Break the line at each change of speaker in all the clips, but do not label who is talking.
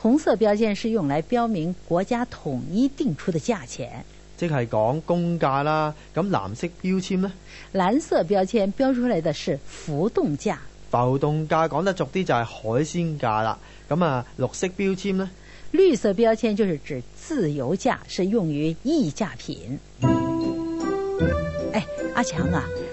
紅色標籤是用來標明國家統一定出的價錢，即係講公價啦。咁藍色標籤呢？藍色標籤標出來的是浮動價。
浮動價講得俗啲就係海鮮價啦。咁啊，綠色標籤呢？綠色標籤就是指
自由價，是用於議價品，嗯。
哎，阿強啊！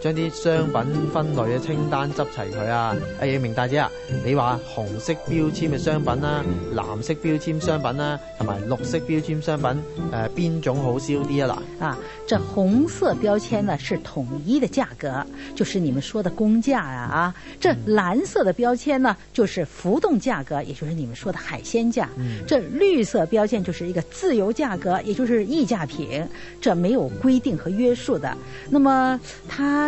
將啲商品分類嘅清單執齊佢啊！誒、哎，明大姐啊，你話紅色標籤嘅商品啦、啊，藍色標籤商品啦、啊，同埋綠色標籤商品，誒、呃、邊種好銷啲啊？嗱，
啊，這紅色標籤呢是統一的價格，就是你們說的公價啊！啊，這藍色的標籤呢，就是浮動價格，也就是你們說的海鮮價。嗯，這綠色標籤就是一個自由價格，也就是溢價品，這沒有規定和約束的。那麼它。